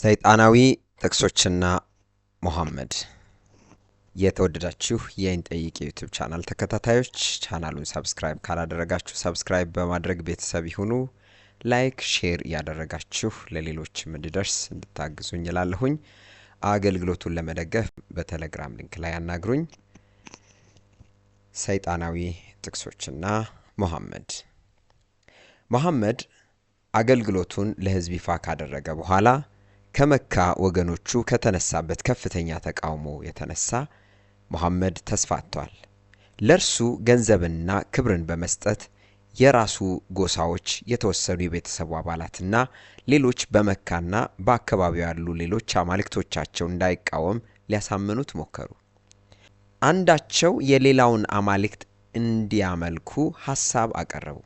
ሰይጣናዊ ጥቅሶችና ሙሐመድ። የተወደዳችሁ የአይን ጠይቅ ዩቲዩብ ቻናል ተከታታዮች ቻናሉን ሰብስክራይብ ካላደረጋችሁ ሰብስክራይብ በማድረግ ቤተሰብ ይሁኑ። ላይክ፣ ሼር ያደረጋችሁ ለሌሎችም እንድደርስ እንድታግዙኝ እላለሁኝ። አገልግሎቱን ለመደገፍ በቴሌግራም ሊንክ ላይ ያናግሩኝ። ሰይጣናዊ ጥቅሶችና ሙሐመድ ሙሐመድ አገልግሎቱን ለህዝብ ይፋ ካደረገ በኋላ ከመካ ወገኖቹ ከተነሳበት ከፍተኛ ተቃውሞ የተነሳ መሐመድ ተስፋቷል። ለእርሱ ገንዘብንና ክብርን በመስጠት የራሱ ጎሳዎች የተወሰኑ የቤተሰቡ አባላትና ሌሎች በመካና በአካባቢው ያሉ ሌሎች አማልክቶቻቸው እንዳይቃወም ሊያሳምኑት ሞከሩ። አንዳቸው የሌላውን አማልክት እንዲያመልኩ ሐሳብ አቀረቡ።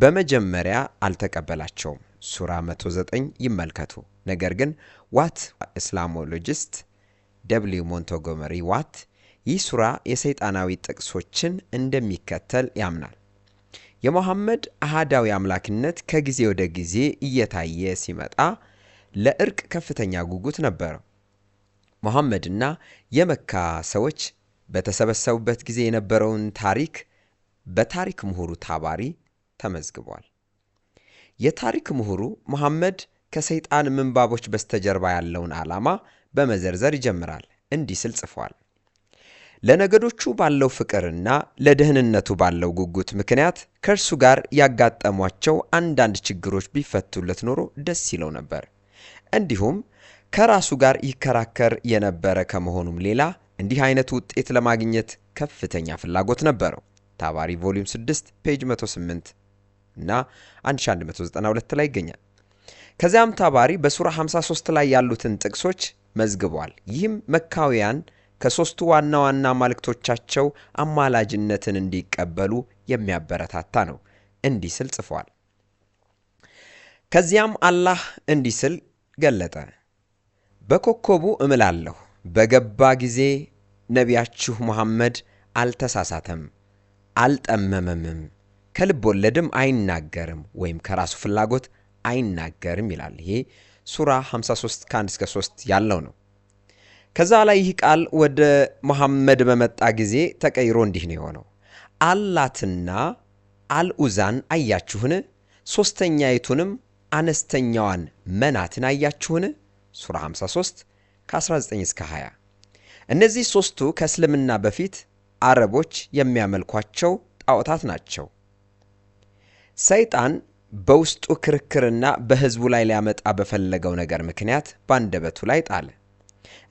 በመጀመሪያ አልተቀበላቸውም። ሱራ 109 ይመልከቱ። ነገር ግን ዋት እስላሞሎጂስት ደብሊው ሞንቶጎመሪ ዋት ይህ ሱራ የሰይጣናዊ ጥቅሶችን እንደሚከተል ያምናል። የመሐመድ አህዳዊ አምላክነት ከጊዜ ወደ ጊዜ እየታየ ሲመጣ ለእርቅ ከፍተኛ ጉጉት ነበረው። ሞሐመድና የመካ ሰዎች በተሰበሰቡበት ጊዜ የነበረውን ታሪክ በታሪክ ምሁሩ ታባሪ ተመዝግቧል። የታሪክ ምሁሩ መሐመድ ከሰይጣን ምንባቦች በስተጀርባ ያለውን ዓላማ በመዘርዘር ይጀምራል። እንዲህ ስል ጽፏል። ለነገዶቹ ባለው ፍቅርና ለደህንነቱ ባለው ጉጉት ምክንያት ከእርሱ ጋር ያጋጠሟቸው አንዳንድ ችግሮች ቢፈቱለት ኖሮ ደስ ይለው ነበር። እንዲሁም ከራሱ ጋር ይከራከር የነበረ ከመሆኑም ሌላ እንዲህ አይነት ውጤት ለማግኘት ከፍተኛ ፍላጎት ነበረው። ታባሪ ቮሊዩም 6 ፔጅ 108 እና 1192 ላይ ይገኛል። ከዚያም ታባሪ በሱራ 53 ላይ ያሉትን ጥቅሶች መዝግቧል። ይህም መካውያን ከሦስቱ ዋና ዋና አማልክቶቻቸው አማላጅነትን እንዲቀበሉ የሚያበረታታ ነው። እንዲህ ስል ጽፏል። ከዚያም አላህ እንዲህ ስል ገለጠ። በኮከቡ እምላለሁ በገባ ጊዜ ነቢያችሁ መሐመድ አልተሳሳተም፣ አልጠመመምም፣ ከልብ ወለድም አይናገርም ወይም ከራሱ ፍላጎት አይናገርም ይላል። ይሄ ሱራ 53 ከ1 እስከ 3 ያለው ነው። ከዛ ላይ ይህ ቃል ወደ መሐመድ በመጣ ጊዜ ተቀይሮ እንዲህ ነው የሆነው። አላትና አልኡዛን አያችሁን? ሦስተኛይቱንም አነስተኛዋን መናትን አያችሁን? ሱራ 53 ከ19 እስከ 20። እነዚህ ሦስቱ ከእስልምና በፊት አረቦች የሚያመልኳቸው ጣዖታት ናቸው። ሰይጣን በውስጡ ክርክርና በህዝቡ ላይ ሊያመጣ በፈለገው ነገር ምክንያት ባንደበቱ ላይ ጣለ።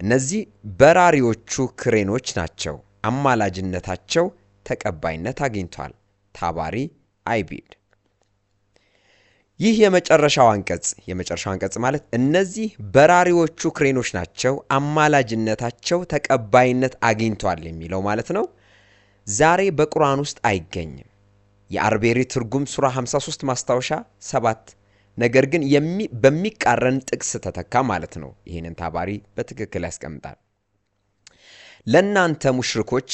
እነዚህ በራሪዎቹ ክሬኖች ናቸው። አማላጅነታቸው ተቀባይነት አግኝቷል። ታባሪ አይቢድ ይህ የመጨረሻው አንቀጽ የመጨረሻው አንቀጽ ማለት እነዚህ በራሪዎቹ ክሬኖች ናቸው፣ አማላጅነታቸው ተቀባይነት አግኝቷል የሚለው ማለት ነው። ዛሬ በቁርአን ውስጥ አይገኝም። የአርቤሪ ትርጉም ሱራ 53 ማስታወሻ 7 ነገር ግን በሚቃረን ጥቅስ ተተካ ማለት ነው። ይህንን ታባሪ በትክክል ያስቀምጣል። ለእናንተ ሙሽርኮች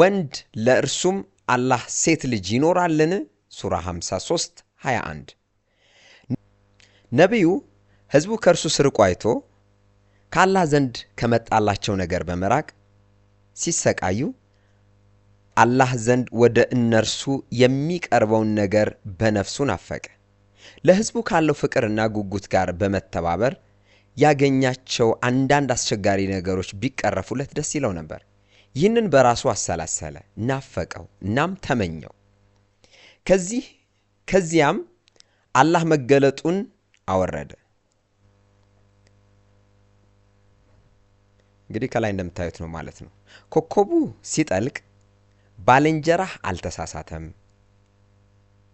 ወንድ ለእርሱም አላህ ሴት ልጅ ይኖራልን? ሱራ 53 21 ነቢዩ ሕዝቡ ከእርሱ ስርቆ አይቶ ከአላህ ዘንድ ከመጣላቸው ነገር በመራቅ ሲሰቃዩ አላህ ዘንድ ወደ እነርሱ የሚቀርበውን ነገር በነፍሱ ናፈቀ። ለሕዝቡ ካለው ፍቅርና ጉጉት ጋር በመተባበር ያገኛቸው አንዳንድ አስቸጋሪ ነገሮች ቢቀረፉለት ደስ ይለው ነበር። ይህንን በራሱ አሰላሰለ፣ ናፈቀው፣ እናም ተመኘው። ከዚህ ከዚያም አላህ መገለጡን አወረደ። እንግዲህ ከላይ እንደምታዩት ነው ማለት ነው። ኮከቡ ሲጠልቅ ባልንጀራህ አልተሳሳተም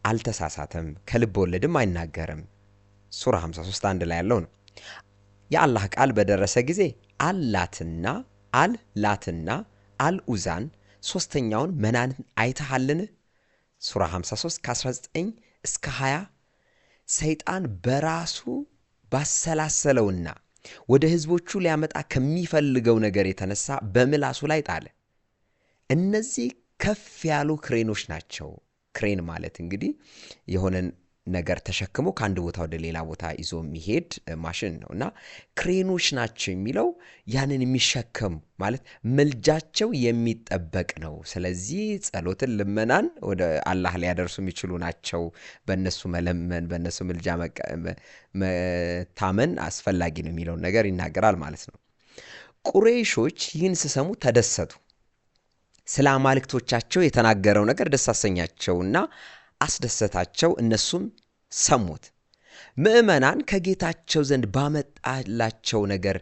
አልተሳሳተም ከልብ ወለድም አይናገርም። ሱራ 53 አንድ ላይ ያለው ነው። የአላህ ቃል በደረሰ ጊዜ አላትና አል ላትና አል ኡዛን ሶስተኛውን መናን አይተሃልን? ሱራ 53 ከ19 እስከ 20 ሰይጣን በራሱ ባሰላሰለውና ወደ ህዝቦቹ ሊያመጣ ከሚፈልገው ነገር የተነሳ በምላሱ ላይ ጣለ። እነዚህ ከፍ ያሉ ክሬኖች ናቸው። ክሬን ማለት እንግዲህ የሆነን ነገር ተሸክሞ ከአንድ ቦታ ወደ ሌላ ቦታ ይዞ የሚሄድ ማሽን ነው እና ክሬኖች ናቸው የሚለው ያንን የሚሸከም ማለት ምልጃቸው የሚጠበቅ ነው። ስለዚህ ጸሎትን፣ ልመናን ወደ አላህ ሊያደርሱ የሚችሉ ናቸው። በእነሱ መለመን፣ በእነሱ ምልጃ መታመን አስፈላጊ ነው የሚለውን ነገር ይናገራል ማለት ነው። ቁሬሾች ይህን ስሰሙ ተደሰቱ። ስለ አማልክቶቻቸው የተናገረው ነገር ደስ አሰኛቸውና አስደሰታቸው፣ እነሱም ሰሙት። ምዕመናን ከጌታቸው ዘንድ ባመጣላቸው ነገር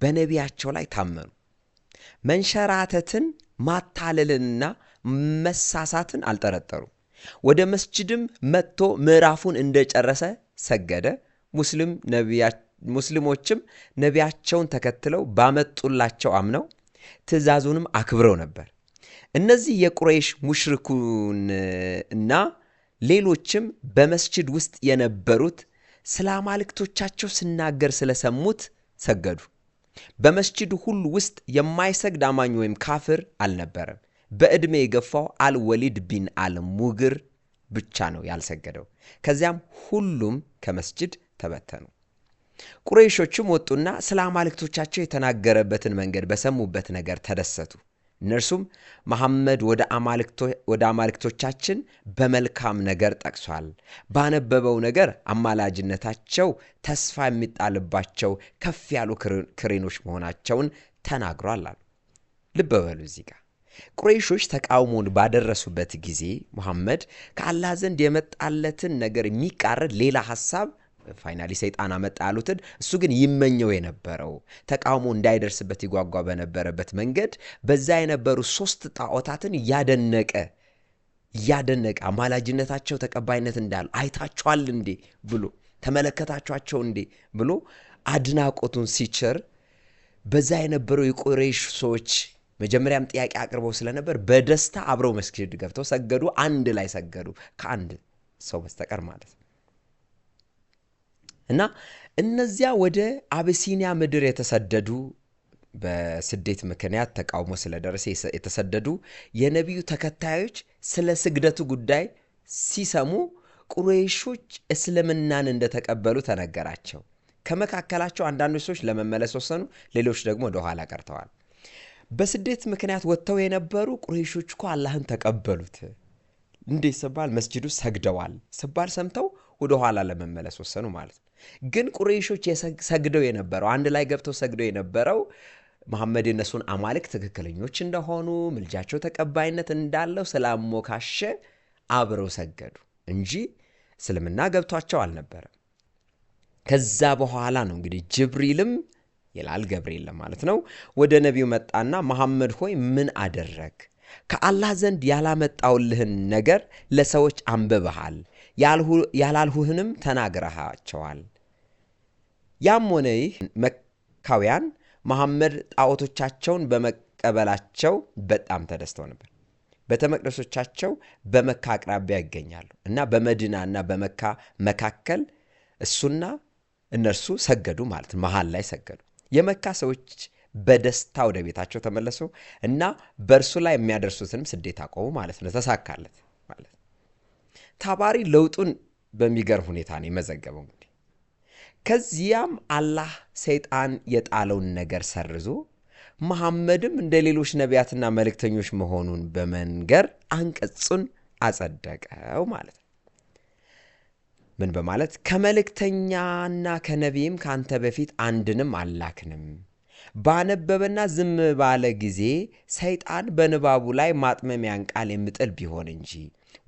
በነቢያቸው ላይ ታመኑ። መንሸራተትን ማታለልንና መሳሳትን አልጠረጠሩ ወደ መስጅድም መጥቶ ምዕራፉን እንደጨረሰ ሰገደ። ሙስሊሞችም ነቢያቸውን ተከትለው ባመጡላቸው አምነው ትእዛዙንም አክብረው ነበር። እነዚህ የቁረይሽ ሙሽርኩን እና ሌሎችም በመስጅድ ውስጥ የነበሩት ስለ አማልክቶቻቸው ስናገር ስለሰሙት ሰገዱ። በመስጅዱ ሁሉ ውስጥ የማይሰግድ አማኝ ወይም ካፍር አልነበረም። በዕድሜ የገፋው አልወሊድ ቢን አልሙግር ብቻ ነው ያልሰገደው። ከዚያም ሁሉም ከመስጅድ ተበተኑ። ቁረይሾችም ወጡና ስለ አማልክቶቻቸው የተናገረበትን መንገድ በሰሙበት ነገር ተደሰቱ። እነርሱም መሐመድ ወደ አማልክቶቻችን በመልካም ነገር ጠቅሷል። ባነበበው ነገር አማላጅነታቸው ተስፋ የሚጣልባቸው ከፍ ያሉ ክሬኖች መሆናቸውን ተናግሯል አሉ። ልብ በሉ እዚህ ጋር ቁረይሾች ተቃውሞን ባደረሱበት ጊዜ መሐመድ ከአላህ ዘንድ የመጣለትን ነገር የሚቃረድ ሌላ ሐሳብ ፋይናሊ ሰይጣን አመጣ ያሉትን እሱ ግን ይመኘው የነበረው ተቃውሞ እንዳይደርስበት ይጓጓ በነበረበት መንገድ በዛ የነበሩ ሶስት ጣዖታትን እያደነቀ እያደነቀ አማላጅነታቸው ተቀባይነት እንዳሉ አይታችኋል እንዴ ብሎ ተመለከታችኋቸው እንዴ ብሎ አድናቆቱን ሲችር በዛ የነበረው የቁሬሽ ሰዎች መጀመሪያም ጥያቄ አቅርበው ስለነበር በደስታ አብረው መስጊድ ገብተው ሰገዱ። አንድ ላይ ሰገዱ ከአንድ ሰው በስተቀር ማለት ነው። እና እነዚያ ወደ አብሲኒያ ምድር የተሰደዱ በስደት ምክንያት ተቃውሞ ስለደረሰ የተሰደዱ የነቢዩ ተከታዮች ስለ ስግደቱ ጉዳይ ሲሰሙ ቁሬሾች እስልምናን እንደተቀበሉ ተነገራቸው። ከመካከላቸው አንዳንዶች ሰዎች ለመመለስ ወሰኑ፣ ሌሎች ደግሞ ወደኋላ ቀርተዋል። በስደት ምክንያት ወጥተው የነበሩ ቁሬሾች እኮ አላህን ተቀበሉት እንዴት ስባል መስጅዱ ሰግደዋል ስባል ሰምተው ወደኋላ ለመመለስ ወሰኑ ማለት ነው። ግን ቁረይሾች ሰግደው የነበረው አንድ ላይ ገብተው ሰግደው የነበረው መሐመድ የነሱን አማልክ ትክክለኞች እንደሆኑ ምልጃቸው ተቀባይነት እንዳለው ስላሞካሸ አብረው ሰገዱ እንጂ እስልምና ገብቷቸው አልነበረም። ከዛ በኋላ ነው እንግዲህ ጅብሪልም ይላል ገብርኤል ለማለት ነው ወደ ነቢዩ መጣና መሐመድ ሆይ ምን አደረግ? ከአላህ ዘንድ ያላመጣውልህን ነገር ለሰዎች አንብበሃል፣ ያላልሁህንም ተናግረሃቸዋል ያም ሆነ ይህ መካውያን መሐመድ ጣዖቶቻቸውን በመቀበላቸው በጣም ተደስተው ነበር። ቤተ መቅደሶቻቸው በመካ አቅራቢያ ይገኛሉ እና በመዲና እና በመካ መካከል እሱና እነርሱ ሰገዱ ማለት መሀል ላይ ሰገዱ። የመካ ሰዎች በደስታ ወደ ቤታቸው ተመለሱ እና በእርሱ ላይ የሚያደርሱትንም ስደት አቆሙ ማለት ነው። ተሳካለት ማለት ነው። ታባሪ ለውጡን በሚገርም ሁኔታ ነው የመዘገበው። ከዚያም አላህ ሰይጣን የጣለውን ነገር ሰርዞ መሐመድም እንደ ሌሎች ነቢያትና መልእክተኞች መሆኑን በመንገር አንቀጹን አጸደቀው ማለት ነው። ምን በማለት ከመልእክተኛና ከነቢይም ከአንተ በፊት አንድንም አላክንም። ባነበበና ዝም ባለ ጊዜ ሰይጣን በንባቡ ላይ ማጥመሚያን ቃል የምጥል ቢሆን እንጂ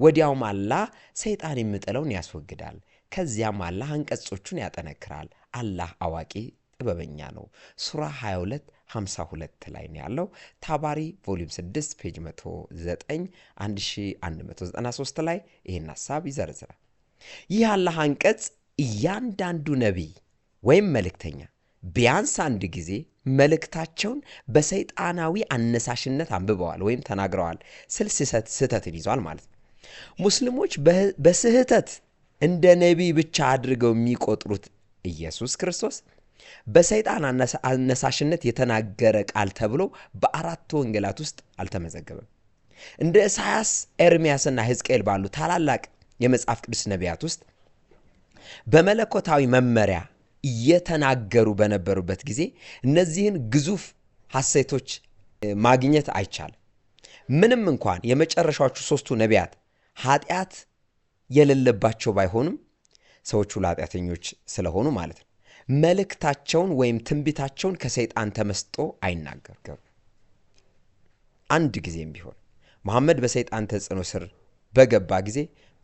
ወዲያውም አላህ ሰይጣን የምጥለውን ያስወግዳል። ከዚያም አላህ አንቀጾቹን ያጠነክራል። አላህ አዋቂ ጥበበኛ ነው። ሱራ 22 52 ላይ ነው ያለው። ታባሪ ቮሊዩም 6 ፔጅ 109 1193 ላይ ይህን ሀሳብ ይዘርዝራል። ይህ አላህ አንቀጽ እያንዳንዱ ነቢይ ወይም መልእክተኛ ቢያንስ አንድ ጊዜ መልእክታቸውን በሰይጣናዊ አነሳሽነት አንብበዋል ወይም ተናግረዋል ስል ስህተትን ይዟል ማለት ነው። ሙስሊሞች በስህተት እንደ ነቢይ ብቻ አድርገው የሚቆጥሩት ኢየሱስ ክርስቶስ በሰይጣን አነሳሽነት የተናገረ ቃል ተብሎ በአራቱ ወንጌላት ውስጥ አልተመዘገበም። እንደ ኢሳያስ፣ ኤርሚያስና ሕዝቅኤል ባሉ ታላላቅ የመጽሐፍ ቅዱስ ነቢያት ውስጥ በመለኮታዊ መመሪያ እየተናገሩ በነበሩበት ጊዜ እነዚህን ግዙፍ ሐሴቶች ማግኘት አይቻልም። ምንም እንኳን የመጨረሻዎቹ ሶስቱ ነቢያት ኃጢአት የሌለባቸው ባይሆንም ሰዎቹ ለኃጢአተኞች ስለሆኑ ማለት ነው። መልእክታቸውን ወይም ትንቢታቸውን ከሰይጣን ተመስጦ አይናገር አንድ ጊዜም ቢሆን መሐመድ በሰይጣን ተጽዕኖ ስር በገባ ጊዜ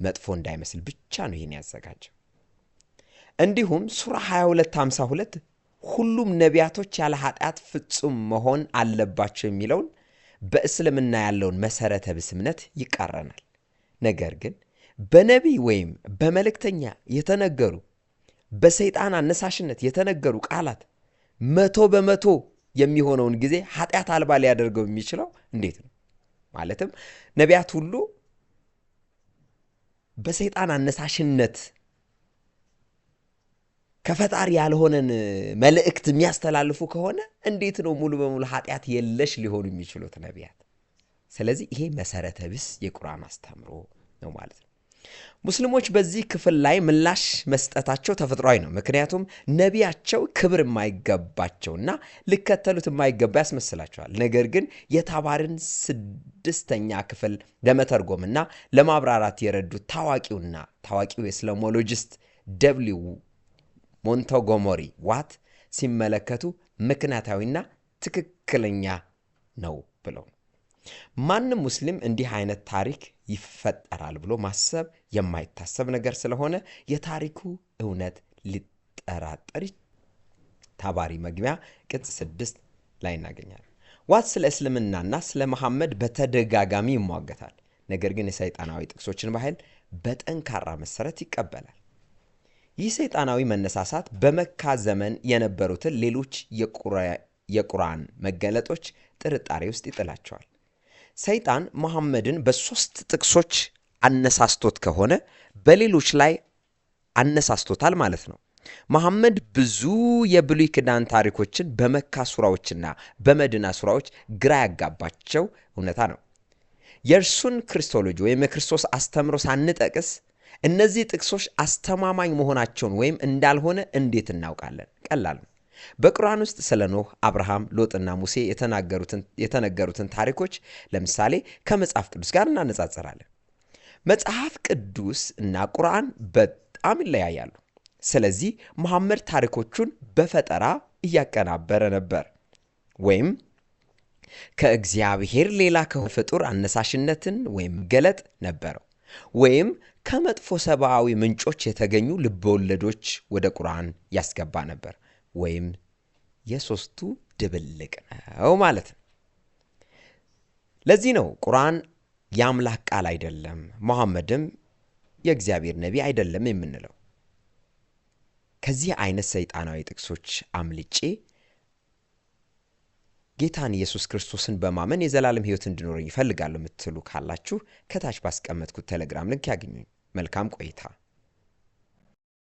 መጥፎ እንዳይመስል ብቻ ነው ይህን ያዘጋጀው። እንዲሁም ሱራ 2252 ሁሉም ነቢያቶች ያለ ኃጢአት ፍጹም መሆን አለባቸው የሚለውን በእስልምና ያለውን መሰረተ ብስምነት እምነት ይቃረናል። ነገር ግን በነቢይ ወይም በመልእክተኛ የተነገሩ በሰይጣን አነሳሽነት የተነገሩ ቃላት መቶ በመቶ የሚሆነውን ጊዜ ኃጢአት አልባ ሊያደርገው የሚችለው እንዴት ነው? ማለትም ነቢያት ሁሉ በሰይጣን አነሳሽነት ከፈጣሪ ያልሆነን መልእክት የሚያስተላልፉ ከሆነ እንዴት ነው ሙሉ በሙሉ ኃጢአት የለሽ ሊሆኑ የሚችሉት ነቢያት? ስለዚህ ይሄ መሰረተ ቢስ የቁርአን አስተምሮ ነው ማለት ነው። ሙስሊሞች በዚህ ክፍል ላይ ምላሽ መስጠታቸው ተፈጥሯዊ ነው። ምክንያቱም ነቢያቸው ክብር የማይገባቸውና ሊከተሉት የማይገባ ያስመስላቸዋል። ነገር ግን የታባርን ስድስተኛ ክፍል ለመተርጎምና ለማብራራት የረዱት ታዋቂውና ታዋቂው የስላሞሎጂስት ደብሊው ሞንቶጎሞሪ ዋት ሲመለከቱ ምክንያታዊና ትክክለኛ ነው ብለው ማንም ሙስሊም እንዲህ አይነት ታሪክ ይፈጠራል ብሎ ማሰብ የማይታሰብ ነገር ስለሆነ የታሪኩ እውነት ሊጠራጠር ታባሪ መግቢያ ቅጽ ስድስት ላይ እናገኛለን። ዋት ስለ እስልምናና ስለ መሐመድ በተደጋጋሚ ይሟገታል። ነገር ግን የሰይጣናዊ ጥቅሶችን ባህል በጠንካራ መሰረት ይቀበላል። ይህ ሰይጣናዊ መነሳሳት በመካ ዘመን የነበሩትን ሌሎች የቁርአን መገለጦች ጥርጣሬ ውስጥ ይጥላቸዋል። ሰይጣን መሐመድን በሦስት ጥቅሶች አነሳስቶት ከሆነ በሌሎች ላይ አነሳስቶታል ማለት ነው። መሐመድ ብዙ የብሉይ ኪዳን ታሪኮችን በመካ ሱራዎችና በመድና ሱራዎች ግራ ያጋባቸው እውነታ ነው። የእርሱን ክርስቶሎጂ ወይም የክርስቶስ አስተምሮ ሳንጠቅስ እነዚህ ጥቅሶች አስተማማኝ መሆናቸውን ወይም እንዳልሆነ እንዴት እናውቃለን? ቀላል ነው። በቁርአን ውስጥ ስለ ኖህ፣ አብርሃም፣ ሎጥና ሙሴ የተነገሩትን ታሪኮች ለምሳሌ ከመጽሐፍ ቅዱስ ጋር እናነጻጽራለን። መጽሐፍ ቅዱስ እና ቁርአን በጣም ይለያያሉ። ስለዚህ መሐመድ ታሪኮቹን በፈጠራ እያቀናበረ ነበር ወይም ከእግዚአብሔር ሌላ ከፍጡር አነሳሽነትን ወይም ገለጥ ነበረው ወይም ከመጥፎ ሰብአዊ ምንጮች የተገኙ ልበወለዶች ወደ ቁርአን ያስገባ ነበር። ወይም የሶስቱ ድብልቅ ነው ማለት ነው። ለዚህ ነው ቁርአን የአምላክ ቃል አይደለም፣ መሐመድም የእግዚአብሔር ነቢ አይደለም የምንለው። ከዚህ አይነት ሰይጣናዊ ጥቅሶች አምልጬ ጌታን ኢየሱስ ክርስቶስን በማመን የዘላለም ሕይወት እንዲኖረኝ ይፈልጋሉ የምትሉ ካላችሁ ከታች ባስቀመጥኩት ቴሌግራም ልንክ ያገኙኝ። መልካም ቆይታ።